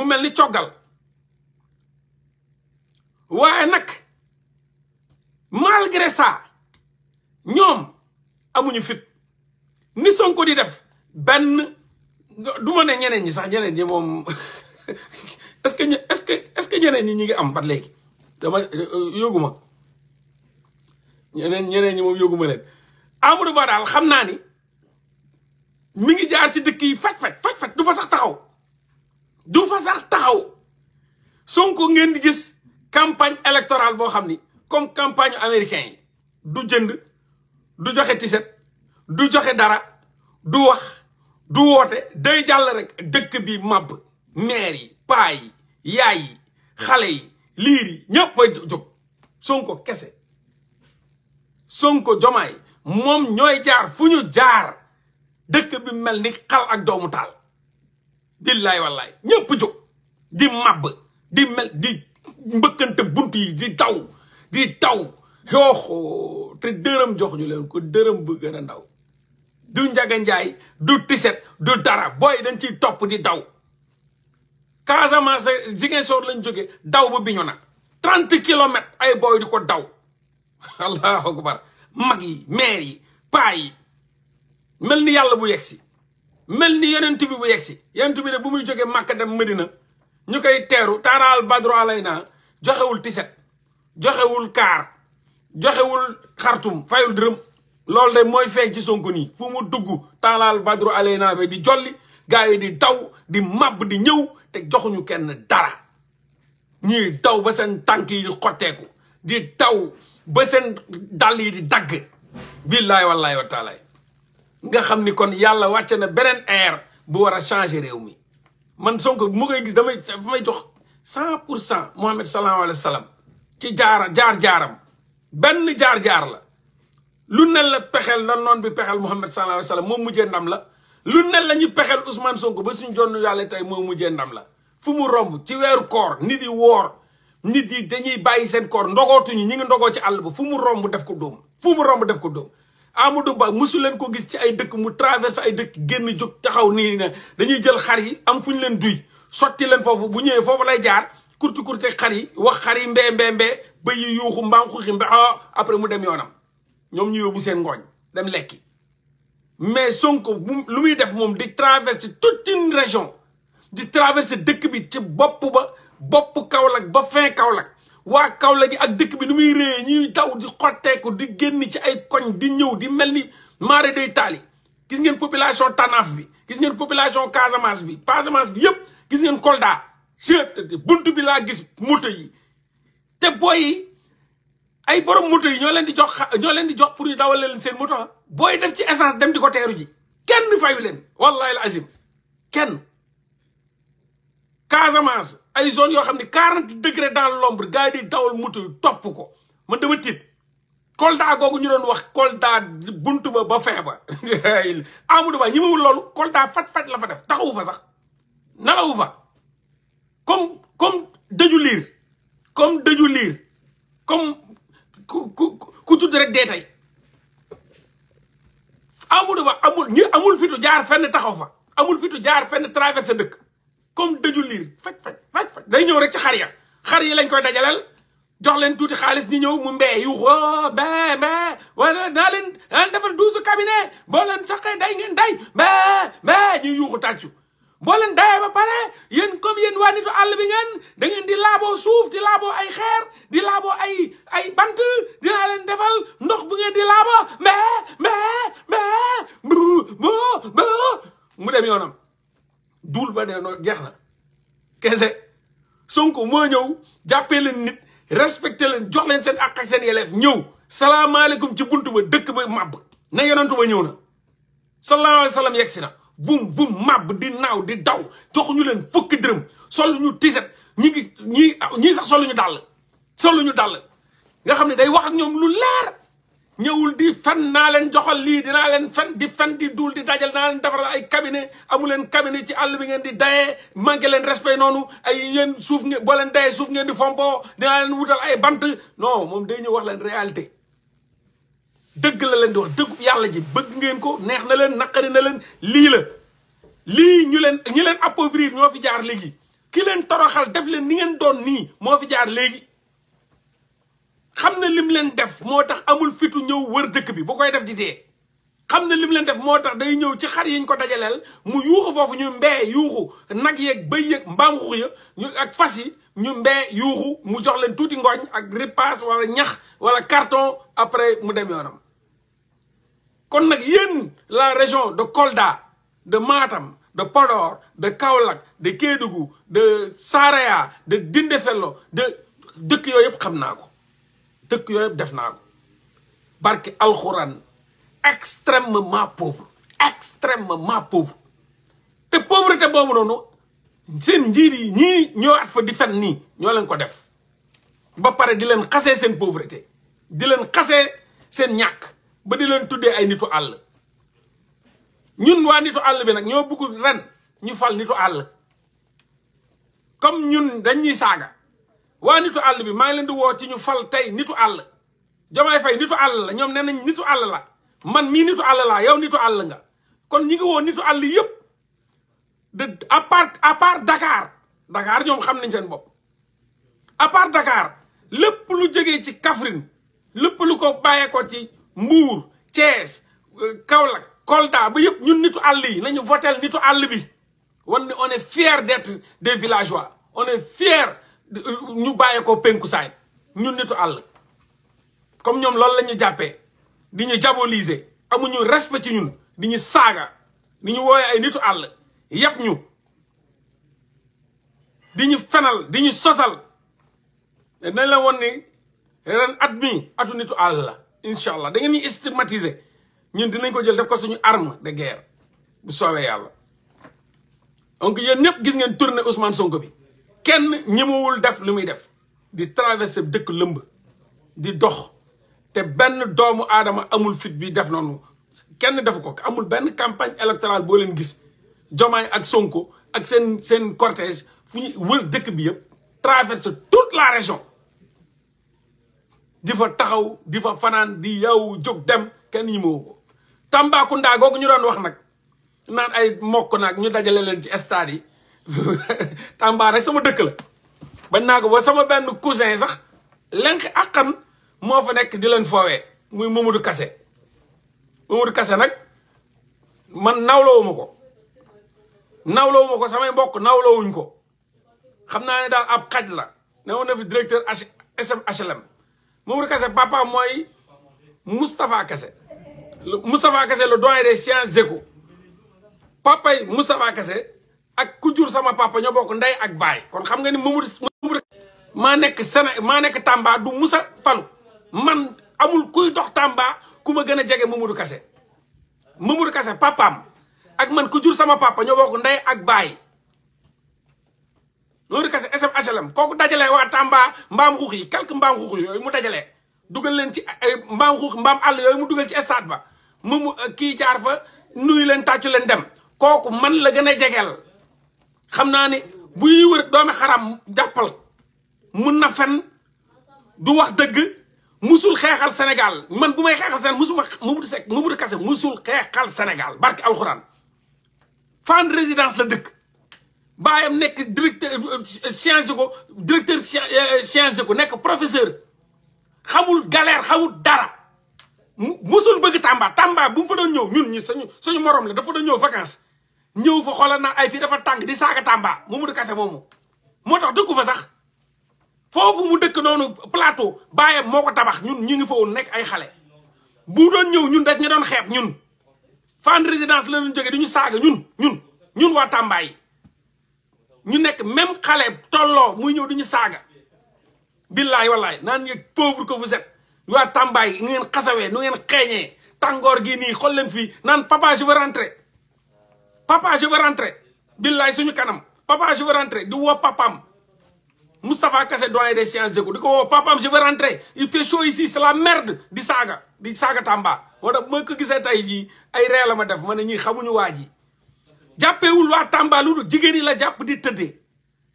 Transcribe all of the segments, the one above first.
mu mel ni coggal waaye nag malgré ça ñoom amuñu fit ni Sonko di def benn du ma ne ñeneen ñi sax ñeneen ñi moom est-ce que est-ce que est-ce que ñeneen ñi ñu ngi am bat léegi dama euh, euh, ñeneen ñeneen ñi moom yóguma leen Amadou Ba daal xam naa ni mi ngi jaar ci dëkk yi faj faj faj faj du fa sax taxaw du fa sax taxaw Sonko ngeen gis campagne électorale boo xam ni comme campagne americain yi du jënd du joxe tiset du joxe dara du wax du woote day jàll rek dëkk bi màbb maire yi paa yi yaay xale yi liir yi ñëpp bay jóg Sonko kese Sonko jomaay moom ñooy jaar fu ñu jaar dëkk bi mel ni xal ak doomu taal billaay wallaay ñëpp jo di màbb di mel di mbëkkante bunt yi di taw di taw xooxoo te dërëm jox ñu leen ko dërëm bu gën a ndaw du njaga njaay du tiset du dara booy dañ ciy topp di daw Casamance Ziguinchor lañ jóge daw biñu Bignona trente kilomètres ay booy di ko daw allahu akbar mag yi maire yi paa yi mel ni yàlla bu yegsi mel ni yeneen bi bu yegsi yonent bi ne bu muy jógee Màkka dem Medina ñu koy teeru taaraal badru alay naa joxewul tiset joxewul kaar joxewul xartum fayul dërëm loolu de mooy feeñ ci Sonko nii fu mu dugg taalaal badru alay naa bi di jolli gars yi di daw di màbb di ñëw te joxuñu kenn dara ñuy daw ba seen tànk yi di xotteeku di daw ba seen dàll yi di dagg billaahi wallaahi wa nga xam ni kon yàlla wàcce na beneen air bu war a changé réew mi man Sonko mu koy gis damay fa may jox cent pour cent Mohamed sallallahu alayhi wa sallam ci jaar jaar-jaaram benn jaar-jaar la lu ne la pexeel na noon bi pexeel Mohamed sallallahu alayhi wa sallam moo mujjee ndam la lu ne la ñu pexeel Ousmane Sonko ba suñu jonn yàlla tey moo mujjee ndam la fu mu romb ci weeru koor nit yi woor nit yi dañuy bàyyi seen koor ndogootuñu ñi ngi ndogoo ci àll ba fu mu romb def ko dóom fu mu def ko dóom Amadou Ba mosu leen ko gis ci ay dëkk mu traversé ay dëkk génn jóg taxaw nii ne dañuy jël xar yi am fu ñu leen duy sotti leen foofu bu ñëwee foofu lay jaar kurti kurti xar yi wax xar yi mbee mbee mbee ba yi yuuxu mbaam xuxi mbe ah, après mu dem yoonam ñoom ñu yóbbu seen ngooñ dem lekki mais Sonko lu muy def moom di traverser toute une région di traverser dëkk bi ci bopp ba bopp Kaolack ba fin Kaolack waa Kaolack gi ak dëkk bi nu muy réyee ñuy daw di xotteeku di génn ci ay koñ di ñëw di mel ni maare day taali gis ngeen population Tanaff bi gis ngeen population Casamance bi Casamance bi yëpp gis ngeen Kolda jeex bunt bi laa gis moto yi te booy ay borom moto yi ñoo leen di jox ñoo leen di jox pour ñu dawal leen seen moto booy def ci essence dem di ko teeru ji kenn fayu leen wallahi al azim kenn Casamance ay zone yoo xam ne quarante degré dans l'ombre gars yi di dawal moto yu topp ko man dama tiit Kolda googu ñu doon wax Kolda buntu ba ba fee ba Amadou Ba ñi loolu Kolda fat-fat la fa def taxawu fa sax nalawu fa comme comme dëju liir comme dëju liir comme ku ku ku tudd rek amul ñu amul fitu jaar fenn taxaw fa amul fitu jaar fenn traversé dëkk comme daju liir faj faj faj faj day ñëw rek ci xar ya xar yi lañ koy dajaleel jox leen tuuti xaalis ñi ñëw mu mbee yu xoo bee bee wala leen naa day ngeen day bee bee ñuy yuuxu tàccu boo yéen comme yéen waa bi ngeen da ngeen di laaboo suuf di laaboo ay xeer di laaboo ay ay bant dinaa defal ndox bu ngeen di laaboo mbee mbee mbee bu bu mu dem yoonam duul ba dee noonu jeex na kese Sonko moo ñëw jàppee leen nit respecté leen jox leen seen àq ak seen yelleef ñëw salaamaaleykum ci buntu ba dëkk ba màbb na yonantu ba ñëw na sallallahu alayhi wa sallam yegg si na bum màbb di naaw di daw jox ñu leen fukki dërëm sol ñu tiset ñi ngi ñi ñii sax solu ñu dàll solu ñu dàll nga xam ne day wax ak ñoom lu leer ñëwul di fen naa leen joxal lii dinaa leen fen di fen di duul di dajal naa leen defaral ay cabinet amuleen leen ci àll bi ngeen di dayee manqué leen respect noonu ay yéen suuf ngeen boo leen dayee suuf ngeen di fompoo dinaa leen wutal ay bant non moom day ñëw wax leen réalité dëgg la leen di wax dëggu yàlla ji bëgg ngeen ko neex na leen naqari na leen lii la lii ñu leen ñi leen appauvrir ñoo fi jaar léegi ki leen toroxal def leen ni ngeen doon nii moo fi jaar léegi xam na lim leen def moo tax amul fitu ñëw wër dëkk bi bu koy def di dee xam na lim leen def moo tax day ñëw ci xar yi ko dajaleel mu yuuxu foofu ñu mbee yuuxu nag yeeg bëy yeeg mbaam xux ya ñu ak fas yi ñu mbee yuuxu mu jox leen tuuti ngooñ ak ripaas wala ñax wala carton après mu dem yoonam kon nag yéen la région de Kolda de Matam de Podor de Kaolack de Kédougou de Saraya de Dindéfelo de dëkk yooyu yëpp xam naa ko dëkk yooyu def naa ko barke alxuraan extrêmement pauvre extrêmement pauvre te pauvreté boobu noonu seen njiit yi ñii ñoo at fa di fen nii ñoo leen ko def ba pare di leen xasee seen pauvreté di leen xasee seen ñàkk ba di leen tuddee ay nitu àll ñun waa nitu àll bi nag ñoo buggu ren ñu fal nitu àll comme ñun dañuy saaga waa nitu àll bi maa ngi leen di woo ci ñu fal tey nitu àll Diomaye Faye nitu àll la ñoom nee nañ nitu àll la man mii nitu àll laa yow nitu àll nga kon ñi ngi woo nitu àll yëpp de à part dakaar part ñoom xam nañ seen bopp à part Dakar lu jege ci Kaffrine lépp lu ko bàyyeekoo ci Mbour Thiès euh, Kaolack Kolda ba yëpp ñun nitu àll yi nañu votel nitu àll bi wan ni on est fier d'être des villageois on est fier ñu bàyyee ko penku saay ñun nitu àll comme ñoom loolu la ñu jàppee di ñu diaboliser amuñu respect ci ñun di ñu saaga di ñu woowee ay nitu àll yépp ñu di ñu fenal di ñu sosal nañ la woon ni ren at mi atu nitu àll la incha allah da ngeen ñuy ñun dinañ ko jël def ko suñu arm de guerre bu soowee yàlla donc yéen ñëpp gis ngeen tourné Ousmane Sonko bi kenn ñemewul def lu muy def di traverser dëkk lëmb di dox te benn doomu aadama amul fit bi def noonu kenn defu ko amul benn campagne électorale boo leen gis Jomaay ak Sonko ak seen seen cortège fu ñu wër dëkk bi yëpp traverser toute la région di fa taxaw di fa fanaan di yow jóg dem kenn ñemewu ko Tambacounda googu ñu doon wax nag naan ay mokk naag ñu dajale leen ci stade yi Tamba rek sama dëkk la bañ naa ko ba sama benn cousin sax lenk àqan moo fa nekk di leen foowee muy Mamadou Kassé Mamadou Kassé nag man nawlawuma ko nawlawuma ko samay mbokk nawlawuñ ko xam naa ne daal ab xaj la ne woon na fi directeur H SM HLM Mamadou kase papa mooy Moustapha Kassé Moustapha kase la doyen des sciences éco papa yi Moustapha Kassé ak ku jur sama papa ñoo bokk ndey ak baay kon xam nga ni Mamadou Mamadou maa nekk Séné maa nekk Tamba du musa Fallou man amul kuy dox Tamba ku ma gën a jege Mamadou Kassé Mamadou kase papaam ak man ku jur sama papa ñoo bokk ndey ak baay Mamadou Kassé SMHLM kooku dajalee waa Tamba mbaam xuux yi quelque mbaam xuux yooyu mu dajalee dugal leen ci ay mbaam xuux mbaam àll yooyu mu dugal ci stade ba mu kii jaar fa nuyu leen tàccu leen dem kooku man la gën a jegeel xam naa ne buy wër doomi xaram jàppal mun na fen du wax dëgg mu sul xeexal Sénégal man bu may xeexal Sénégal musuma Mamadou Seck Mamadou mu musul xeexal Sénégal barke alxuraan fan résidence la dëkk baayam nekk directeur science euh, ko directeur science euh, ko nekk professeur xamul galère xamul dara musul bëgg Tamba Tamba bu mu fa doon ñëw ñun ñi suñu suñu morom la dafa doon ñëw vacances ñëw fa xoolal na ay fii dafa tàng di saaga Tamba Mamadou Kassé moomu moo tax dëkku fa sax foofu mu dëkk noonu plateau baayam moo ko tabax ñun ñu ngi fa nekk ay xale bu doon ñëw ñun dañ ñu doon xeeb ñun fan résidence la ñu jógee du ñu saaga ñun ñun ñun waa Tamba yi ñu nekk même xale tolloo muy ñëw du ñu saaga billaay wallaay naan yëg pauvre que vous waa Tamba yi ngeen xasawee nu ngeen xeeñee tàngoor gi nii xool leen fii naan papa je veux rentrer papa je veux rentrer billaay suñu kanam papa je veux rentrer di woo papaam Moustapha Kassé doyen des sciences ko di ko woo papaam je veux rentrer il fait chaud si c'est la merde di saaga di saaga Tamba moo tax moo ko gisee tey jii ay ree la ma def ma ne ñii xamuñu waa ji jàppeewul waa Tamba lu jigéen yi la jàpp di tëddee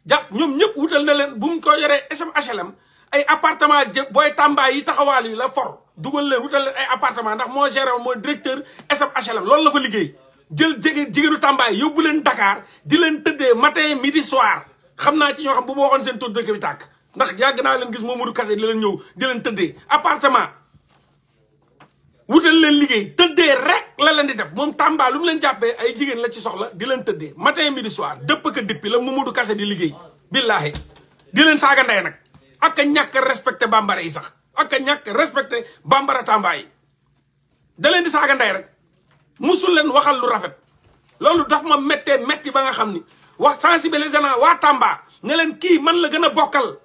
jàpp ñoom ñëpp wutal na leen bu mu ko yoree SM HLM ay appartement jë booy Tamba yi taxawaal yi la for dugal leen wutal leen ay appartement ndax moo géré mooy directeur SM HLM loolu la fa liggéey jël jege jigéenu tàmbaay yóbbu leen dakaar di leen tëddee matin midi soir xam naa ci ñoo xam bu ma waxoon seen tur dëkk bi tàkk ndax yàgg naa leen gis mu Kassé di leen ñëw di leen tëddee appartement wutal leen liggéey tëddee rek la leen di def moom Tamba lu mu leen jàppee ay jigéen la ci soxla di leen tëddee matin midi soir dëpp ka dippi la Momadou Kassé di liggéey billaahi di leen saaga ndey nag ak a ñàkk respecté bambara yi sax ak ñàkk respecte bambara Tamba yi da leen di saaga ndey rek. musul leen waxal lu rafet loolu daf ma mettee métti ba nga xam ni wax sensibiliser naa waa Tamba ne leen kii man la gën a bokkal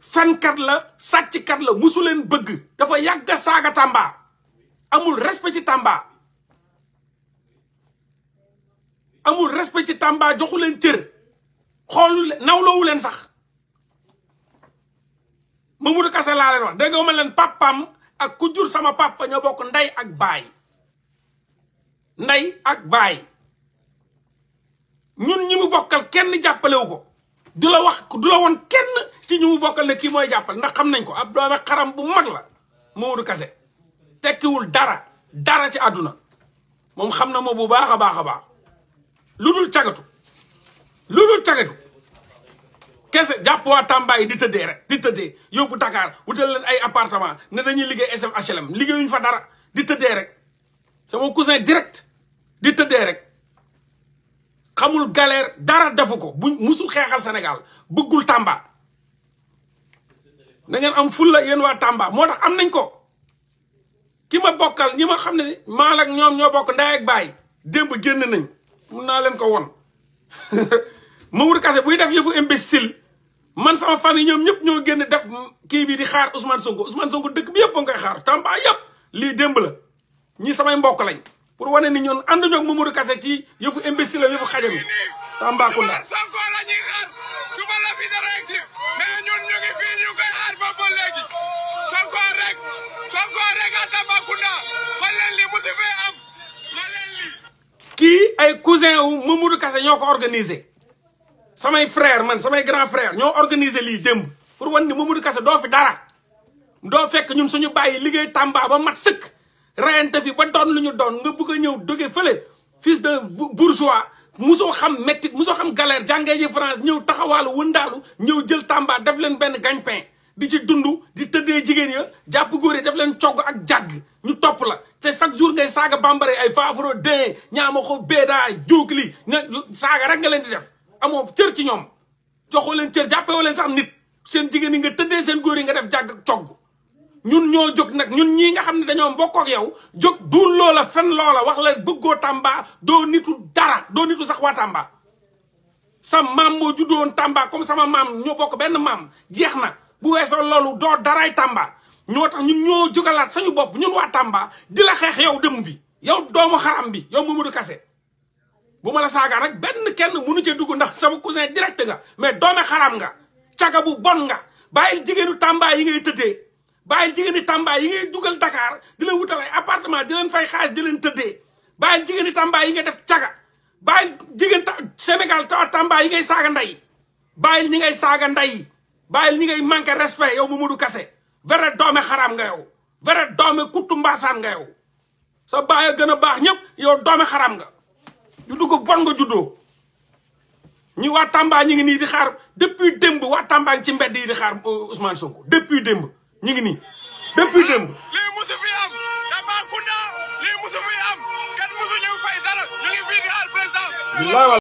fenkat la sàcckat la musu leen bëgg dafa yàgg saaga Tamba amul respect ci Tamba amul respect ci Tamba joxu leen cër xoolu nawloowu leen sax Mamadou Kassé laa leen wax dégg nga ma leen papam ak ku jur sama papa ñoo bokk ndey ak baay ak baay ñun ñi mu bokkal kenn jàppalewu ko du la wax du la woon kenn ci ñu mu bokkal ne kii mooy jàppal ndax xam nañ ko ab doome xaram bu mag la Modou Kassé tekkiwul dara dara ci àdduna moom xam na moo bu baax a baax a baax lu dul cagatu lu dul cagatu kese jàpp waat Tamba yi di tëddee rek di tëddee yóbbu Dakar wutal leen ay appartement ne dañuy liggéey SFHLM liggéeyuñ fa dara di tëddee rek sama cousin direct di tëddee rek xamul galère dara defu ko bu musul xeexal senegal buggul Tamba na ngeen am fulla yéen waa tàmba moo tax am nañ ko ki ma bokkal ñi ma xam ne maal ak ñoom ñoo bokk ndaay ak baay démb génn nañ mun naa leen ko won Mamour Kassé buy def yëfu imbécile man sama famille ñoom ñëpp ñoo génn def kii bi di xaar Ousmane Sonko Ousmane Sonko dëkk bi yëpp ba nga xaar Tamba yëpp li démb la ñii samay mbokk lañ. pour wane ni ñoon ànd ñoog Mamadou Kassé ci yëfu imbécile yëfu xajam yi Tambacounda Sonko la ñun ñu ngi fii ñu koy xaar ba ba léegi Sonko rek Sonko rek à Tambacounda mu si fee am xool ay cousin wu Mamadou Kassé ñoo ko organisé samay frère man samay grand frère ñoo organise liy démb pour wan ni Mamadou kase doo fi dara doo fekk ñun suñu bàyyi liggéey Tamba ba mat sëkk rayante fi ba doon lu ñu doon nga bëgg a ñëw doge fële fils de bourgeois musoo xam méttit musoo xam galère jàngee ji France ñëw taxawaalu wëndaalu ñëw jël tàmba def leen benn gagne-pain di ci dundu di tëddee jigéen ya jàpp góor yi def leen cogg ak jàgg ñu topp la te chaque jour ngay saaga bambara ay faafaro dee ñaama ko beedaa jóog li na saaga rek nga leen di def amoo cër ci ñoom joxoo leen cër jàppewoo leen sax nit seen jigéen yi nga tëddee seen góor yi nga def jàgg ak ñun ñoo jóg nag ñun ñii nga xam ne dañoo mbokk yow jóg duul loola fen loola wax la bëggoo Tamba doo nitu dara doo nitu sax waa Tamba sa maam moo juddoon Tamba comme sama maam ñoo bokk benn maam jeex na bu weesoo loolu doo daray Tamba ñoo tax ñun ñoo jógalaat sañu bopp ñun waa Tamba di la xeex yow dëmb bi yow doomu xaram bi yow Mamadou kase bu ma la saagaan rek benn kenn mënu cee dugg ndax sama cousin direct nga mais doome xaram nga caga bon nga bàyyil jigéenu Tamba yi ngay tëddee bàyyil jigéeni Tamba yi ngay dugal Dakar di leen wutal ay fay xaalis di leen tëddee bàyyil jigéeni Tamba yi ngay def caga bàyyil jigéen Sénégal Tamba yi ngay saaga nday bàyyil ñi ngay saaga nday bàyyil ñi ngay manqué respect yow Mamadou Kassé vrai doome xaraam nga yow vrai doome kuttu mbaasaan nga yow sa baay gën a baax ñëpp yow doome xaram nga juddu ko bon nga juddoo ñu waa Tamba ñu ngi nii di xaar depuis démb waa Tamba ci mbedd yi di xaar euh, Ousmane Sonko depuis démb ñu ngi nii depuis démb. musu fi am Tambacounda lii musu fi am kenn musu ñëw fay dara ñu ngi fii di